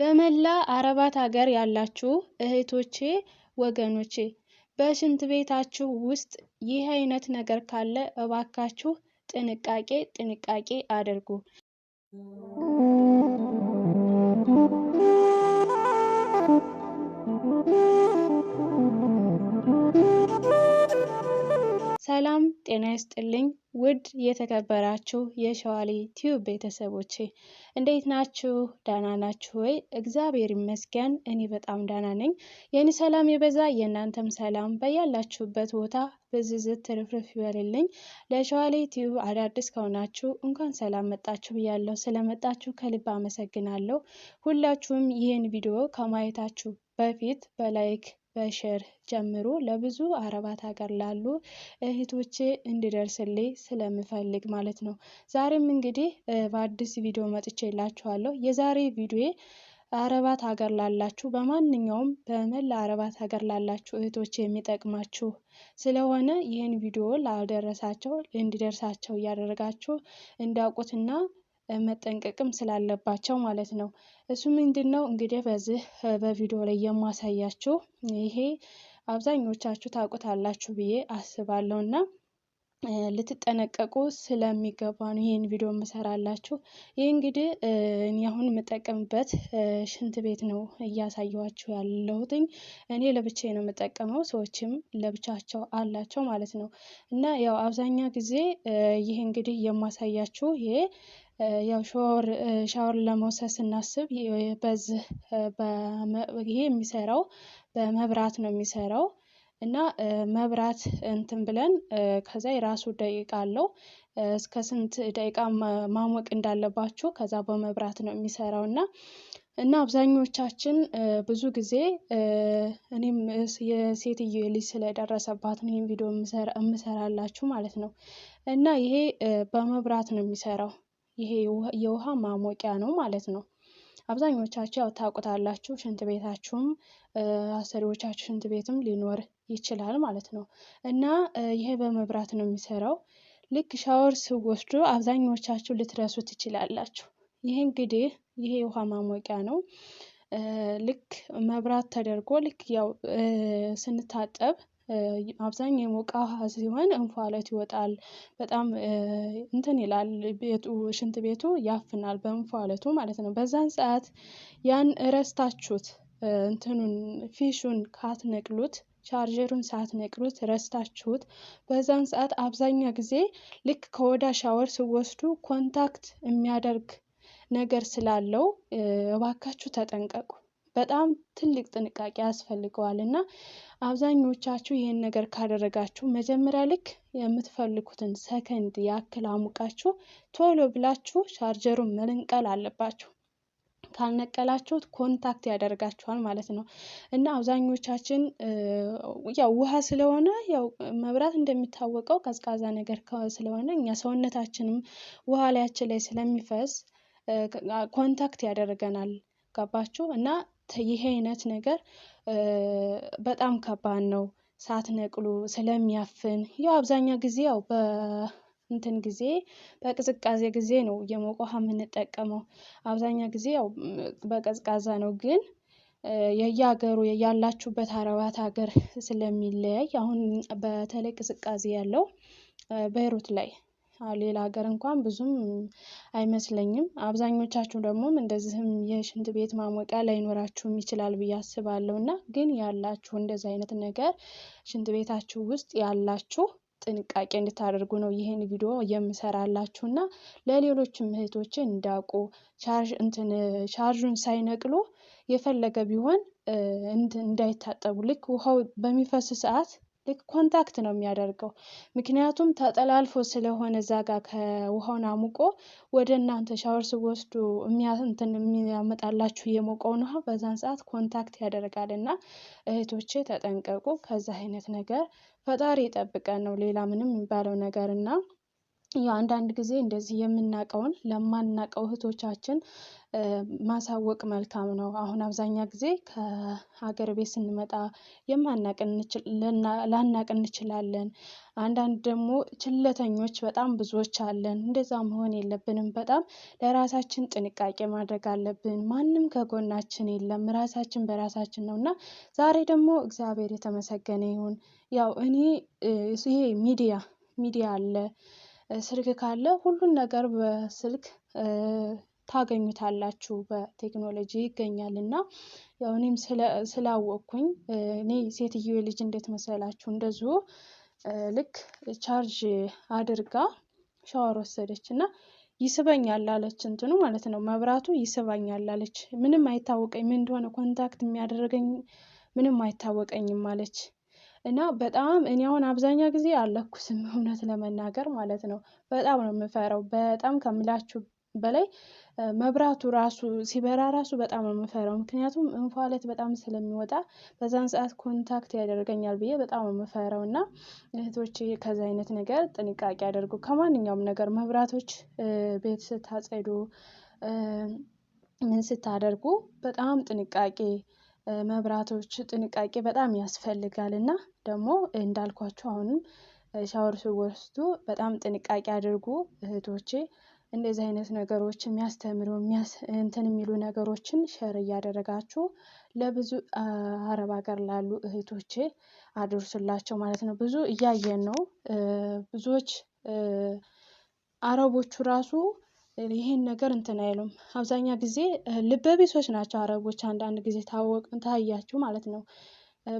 በመላ አረባት ሀገር ያላችሁ እህቶቼ ወገኖቼ በሽንት ቤታችሁ ውስጥ ይህ አይነት ነገር ካለ እባካችሁ ጥንቃቄ ጥንቃቄ አድርጉ። ሰላም ጤና ይስጥልኝ ውድ የተከበራችሁ የሸዋሌ ቲዩብ ቤተሰቦቼ እንዴት ናችሁ? ዳና ናችሁ ወይ? እግዚአብሔር ይመስገን እኔ በጣም ዳና ነኝ። የኔ ሰላም የበዛ የእናንተም ሰላም በያላችሁበት ቦታ ብዝዝት ትርፍርፍ ይበልልኝ። ለሸዋሌ ቲዩብ አዳዲስ ከሆናችሁ እንኳን ሰላም መጣችሁ ብያለሁ። ስለመጣችሁ ከልብ አመሰግናለሁ። ሁላችሁም ይህን ቪዲዮ ከማየታችሁ በፊት በላይክ በሽር ጀምሮ ለብዙ አረባት ሀገር ላሉ እህቶቼ እንድደርስልኝ ስለምፈልግ ማለት ነው። ዛሬም እንግዲህ በአዲስ ቪዲዮ መጥቼላችኋለሁ። የዛሬ ቪዲዮ አረባት ሀገር ላላችሁ በማንኛውም በመላ አረባት ሀገር ላላችሁ እህቶች የሚጠቅማችሁ ስለሆነ ይህን ቪዲዮ ላደረሳቸው እንዲደርሳቸው እያደረጋችሁ እንዳውቁትና መጠንቀቅም ስላለባቸው ማለት ነው። እሱ ምንድነው እንግዲህ በዚህ በቪዲዮ ላይ የማሳያችሁ ይሄ አብዛኞቻችሁ ታውቁታላችሁ ብዬ አስባለሁ እና ልትጠነቀቁ ስለሚገባ ነው ይህን ቪዲዮ የምሰራላችሁ። ይህ እንግዲህ እኔ አሁን የምጠቀምበት ሽንት ቤት ነው እያሳየኋችሁ ያለሁትኝ። እኔ ለብቻዬ ነው የምጠቀመው፣ ሰዎችም ለብቻቸው አላቸው ማለት ነው። እና ያው አብዛኛ ጊዜ ይህ እንግዲህ የማሳያችሁ ይሄ ያው ሻወር ለመውሰድ ስናስብ በዚህ ይሄ የሚሰራው በመብራት ነው የሚሰራው እና መብራት እንትን ብለን ከዛ የራሱ ደቂቃ አለው እስከ ስንት ደቂቃ ማሞቅ እንዳለባችሁ ከዛ በመብራት ነው የሚሰራው እና እና አብዛኞቻችን ብዙ ጊዜ እኔም የሴትዮ ልጅ ስለደረሰባት ነው ይህን ቪዲዮ የምሰራላችሁ ማለት ነው። እና ይሄ በመብራት ነው የሚሰራው ይሄ የውሃ ማሞቂያ ነው ማለት ነው። አብዛኞቻችሁ ያው ታውቁታላችሁ ሽንት ቤታችሁም አሰሪዎቻችሁ ሽንት ቤትም ሊኖር ይችላል ማለት ነው። እና ይሄ በመብራት ነው የሚሰራው። ልክ ሻወር ስወስዱ አብዛኞቻችሁ ልትረሱ ትችላላችሁ። ይህ እንግዲህ ይሄ የውሃ ማሞቂያ ነው። ልክ መብራት ተደርጎ ልክ ያው ስንታጠብ አብዛኛው የሞቀ ውሃ ሲሆን እንፋሎት ይወጣል በጣም እንትን ይላል ቤቱ ሽንት ቤቱ ያፍናል በእንፋሎቱ ማለት ነው። በዛን ሰዓት ያን ረስታችሁት እንትኑን ፊሹን ካትነቅሉት ቻርጀሩን ሳትነቅሉት ረስታችሁት በዛን ሰዓት አብዛኛ ጊዜ ልክ ከወዳ ሻወር ስወስዱ ኮንታክት የሚያደርግ ነገር ስላለው እባካችሁ ተጠንቀቁ። በጣም ትልቅ ጥንቃቄ ያስፈልገዋል እና አብዛኞቻችሁ ይህን ነገር ካደረጋችሁ መጀመሪያ ልክ የምትፈልጉትን ሰከንድ ያክል አሙቃችሁ ቶሎ ብላችሁ ቻርጀሩን መንቀል አለባችሁ። ካልነቀላችሁት ኮንታክት ያደርጋችኋል ማለት ነው። እና አብዛኞቻችን ያው ውሃ ስለሆነ ያው መብራት እንደሚታወቀው ቀዝቃዛ ነገር ስለሆነ እኛ ሰውነታችንም ውሃ ላያችን ላይ ስለሚፈስ ኮንታክት ያደርገናል። ገባችሁ እና ይሄ አይነት ነገር በጣም ከባድ ነው። ሳትነቅሉ ስለሚያፍን ያው አብዛኛው ጊዜ ያው በ እንትን ጊዜ በቅዝቃዜ ጊዜ ነው የሞቀ ውሃ የምንጠቀመው። አብዛኛው ጊዜ ያው በቀዝቃዛ ነው ግን የየሀገሩ ያላችሁበት አረባት ሀገር ስለሚለያይ አሁን በተለይ ቅዝቃዜ ያለው በይሩት ላይ ሌላ ሀገር እንኳን ብዙም አይመስለኝም። አብዛኞቻችሁ ደግሞ እንደዚህም የሽንት ቤት ማሞቂያ ላይኖራችሁም ይችላል ብዬ አስባለሁ። እና ግን ያላችሁ እንደዚህ አይነት ነገር ሽንት ቤታችሁ ውስጥ ያላችሁ ጥንቃቄ እንድታደርጉ ነው ይህን ቪዲዮ የምሰራላችሁ እና ለሌሎችም እህቶች እንዳውቁ ቻርጁን ሳይነቅሉ የፈለገ ቢሆን እንዳይታጠቡ ልክ ውሃው በሚፈስ ሰዓት ልክ ኮንታክት ነው የሚያደርገው። ምክንያቱም ተጠላልፎ ስለሆነ እዛ ጋር ከውሃውን አሙቆ ወደ እናንተ ሻወር ስወስዱ እንትን የሚያመጣላችሁ የሞቀውን ውሃ በዛን ሰዓት ኮንታክት ያደርጋል እና እህቶቼ ተጠንቀቁ። ከዛ አይነት ነገር ፈጣሪ ይጠብቀን ነው ሌላ ምንም የሚባለው ነገር እና ያው አንዳንድ ጊዜ እንደዚህ የምናውቀውን ለማናቀው እህቶቻችን ማሳወቅ መልካም ነው። አሁን አብዛኛ ጊዜ ከሀገር ቤት ስንመጣ ላናቅ እንችላለን። አንዳንድ ደግሞ ችለተኞች በጣም ብዙዎች አለን። እንደዛ መሆን የለብንም። በጣም ለራሳችን ጥንቃቄ ማድረግ አለብን። ማንም ከጎናችን የለም፣ ራሳችን በራሳችን ነው እና ዛሬ ደግሞ እግዚአብሔር የተመሰገነ ይሁን። ያው እኔ ይሄ ሚዲያ ሚዲያ አለ ስልክ ካለ ሁሉን ነገር በስልክ ታገኙታላችሁ በቴክኖሎጂ ይገኛል። እና ያው እኔም ስላወቅኩኝ እኔ ሴትዮ ልጅ እንዴት መሰላችሁ እንደዚሁ ልክ ቻርጅ አድርጋ ሻወር ወሰደች እና ይስበኛል አለች እንትኑ ማለት ነው መብራቱ ይስበኛል አለች ምንም አይታወቀኝ ምን እንደሆነ ኮንታክት የሚያደርገኝ ምንም አይታወቀኝም አለች እና በጣም እኔ አሁን አብዛኛ ጊዜ አለኩስም እውነት ለመናገር ማለት ነው። በጣም ነው የምፈራው በጣም ከምላችሁ በላይ መብራቱ ራሱ ሲበራ ራሱ በጣም ነው የምፈረው ምክንያቱም እንፋሎት በጣም ስለሚወጣ በዛን ሰዓት ኮንታክት ያደርገኛል ብዬ በጣም ነው የምፈረው። እና እህቶች ከዚ አይነት ነገር ጥንቃቄ አደርጉ ከማንኛውም ነገር መብራቶች ቤት ስታጸዱ ምን ስታደርጉ በጣም ጥንቃቄ መብራቶች ጥንቃቄ በጣም ያስፈልጋል እና ደግሞ እንዳልኳቸው አሁንም ሻወር ሲወስዱ በጣም ጥንቃቄ አድርጉ እህቶቼ። እንደዚህ አይነት ነገሮች የሚያስተምሩ እንትን የሚሉ ነገሮችን ሸር እያደረጋችሁ ለብዙ አረብ ሀገር ላሉ እህቶቼ አድርሱላቸው ማለት ነው። ብዙ እያየን ነው ብዙዎች አረቦቹ ራሱ ይህን ነገር እንትን አይሉም። አብዛኛ ጊዜ ልበቢሶች ናቸው አረቦች። አንዳንድ ጊዜ ታወቅን ታያችሁ ማለት ነው።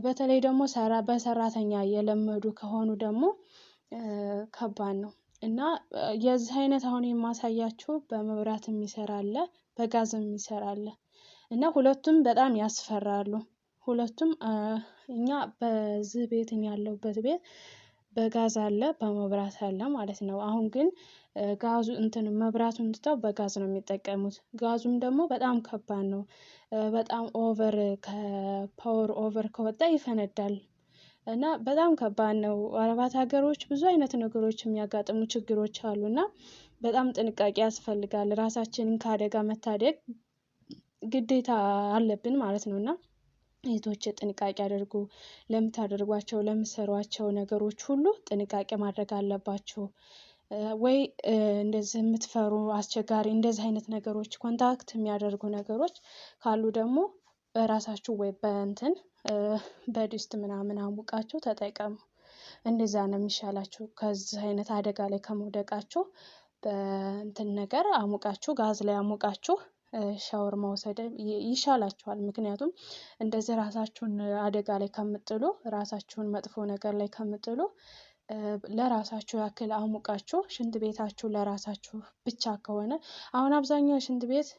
በተለይ ደግሞ በሰራተኛ የለመዱ ከሆኑ ደግሞ ከባድ ነው እና የዚህ አይነት አሁን የማሳያችሁ በመብራት የሚሰራ አለ፣ በጋዝ የሚሰራ አለ እና ሁለቱም በጣም ያስፈራሉ። ሁለቱም እኛ በዚህ ቤት ያለሁበት ቤት በጋዝ አለ በመብራት አለ ማለት ነው። አሁን ግን ጋዙ እንትን መብራቱን ትተው በጋዝ ነው የሚጠቀሙት። ጋዙም ደግሞ በጣም ከባድ ነው። በጣም ኦቨር ከፓወር ኦቨር ከወጣ ይፈነዳል። እና በጣም ከባድ ነው። አረባት ሀገሮች ብዙ አይነት ነገሮች የሚያጋጥሙ ችግሮች አሉ እና በጣም ጥንቃቄ ያስፈልጋል። ራሳችንን ከአደጋ መታደግ ግዴታ አለብን ማለት ነው እና እህቶች ጥንቃቄ አድርጉ። ለምታደርጓቸው ለምሰሯቸው ነገሮች ሁሉ ጥንቃቄ ማድረግ አለባችሁ። ወይ እንደዚህ የምትፈሩ አስቸጋሪ እንደዚህ አይነት ነገሮች ኮንታክት የሚያደርጉ ነገሮች ካሉ ደግሞ በራሳችሁ ወይ በእንትን በድስት ምናምን አሙቃችሁ ተጠቀሙ። እንደዛ ነው የሚሻላችሁ ከዚህ አይነት አደጋ ላይ ከመውደቃችሁ በእንትን ነገር አሙቃችሁ ጋዝ ላይ አሙቃችሁ ሻወር መውሰድ ይሻላችኋል። ምክንያቱም እንደዚህ ራሳችሁን አደጋ ላይ ከምጥሉ ራሳችሁን መጥፎ ነገር ላይ ከምጥሉ ለራሳችሁ ያክል አሙቃችሁ ሽንት ቤታችሁ ለራሳችሁ ብቻ ከሆነ አሁን አብዛኛው ሽንት ቤት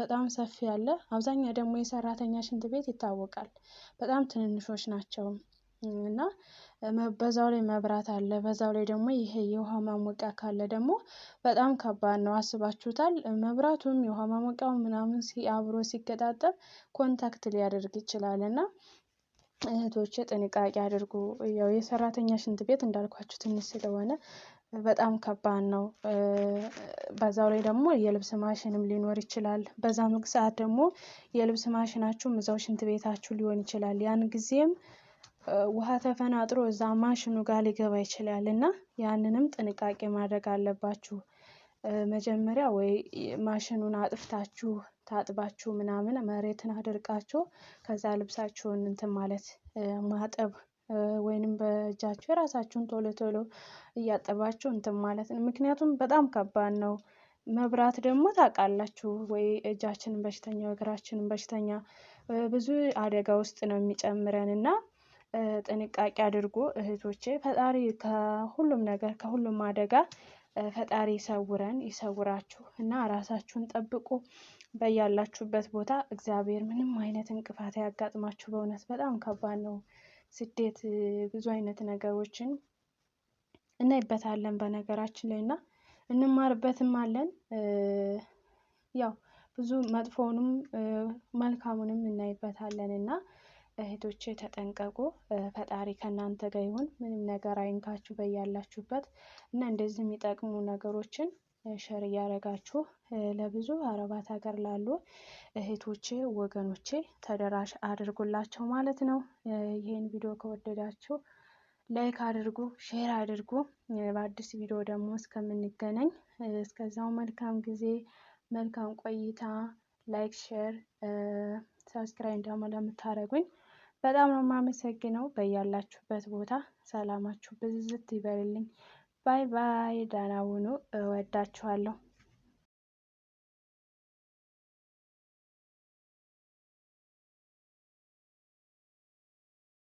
በጣም ሰፊ ያለ አብዛኛው ደግሞ የሰራተኛ ሽንት ቤት ይታወቃል በጣም ትንንሾች ናቸው እና በዛው ላይ መብራት አለ በዛው ላይ ደግሞ ይሄ የውሃ ማሞቂያ ካለ ደግሞ በጣም ከባድ ነው። አስባችሁታል መብራቱም የውሃ ማሞቂያው ምናምን አብሮ ሲገጣጠም ኮንታክት ሊያደርግ ይችላል። እና እህቶቼ ጥንቃቄ አድርጉ ያው የሰራተኛ ሽንት ቤት እንዳልኳችሁ ትንሽ ስለሆነ በጣም ከባድ ነው። በዛው ላይ ደግሞ የልብስ ማሽንም ሊኖር ይችላል በዛ ሰዓት ደግሞ የልብስ ማሽናችሁም እዛው ሽንት ቤታችሁ ሊሆን ይችላል ያን ጊዜም ውሃ ተፈናጥሮ እዛ ማሽኑ ጋር ሊገባ ይችላል እና ያንንም ጥንቃቄ ማድረግ አለባችሁ። መጀመሪያ ወይ ማሽኑን አጥፍታችሁ ታጥባችሁ ምናምን መሬትን አድርቃችሁ ከዛ ልብሳችሁን እንትን ማለት ማጠብ ወይንም በእጃችሁ የራሳችሁን ቶሎ ቶሎ እያጠባችሁ እንትን ማለት ነው። ምክንያቱም በጣም ከባድ ነው። መብራት ደግሞ ታውቃላችሁ ወይ እጃችንን በሽተኛ እግራችንን በሽተኛ ብዙ አደጋ ውስጥ ነው የሚጨምረን እና ጥንቃቄ አድርጉ እህቶቼ። ፈጣሪ ከሁሉም ነገር ከሁሉም አደጋ ፈጣሪ ይሰውረን ይሰውራችሁ እና ራሳችሁን ጠብቁ። በያላችሁበት ቦታ እግዚአብሔር ምንም አይነት እንቅፋት ያጋጥማችሁ። በእውነት በጣም ከባድ ነው ስደት። ብዙ አይነት ነገሮችን እናይበታለን በነገራችን ላይ እና እንማርበትም አለን ያው ብዙ መጥፎውንም መልካሙንም እናይበታለን እና እህቶቼ ተጠንቀቁ። ፈጣሪ ከእናንተ ጋር ይሁን፣ ምንም ነገር አይንካችሁ በያላችሁበት እና እንደዚህ የሚጠቅሙ ነገሮችን ሸር እያደረጋችሁ ለብዙ አረባት ሀገር ላሉ እህቶቼ ወገኖቼ ተደራሽ አድርጉላቸው ማለት ነው። ይህን ቪዲዮ ከወደዳችሁ ላይክ አድርጉ፣ ሼር አድርጉ። በአዲስ ቪዲዮ ደግሞ እስከምንገናኝ እስከዛው መልካም ጊዜ፣ መልካም ቆይታ። ላይክ ሼር፣ ሰብስክራይብ ደግሞ ለምታደርጉኝ በጣም ነው የማመሰግነው። በያላችሁበት ቦታ ሰላማችሁ ብዝዝት ይበልልኝ። ባይ ባይ። ደህና ሁኑ። እወዳችኋለሁ።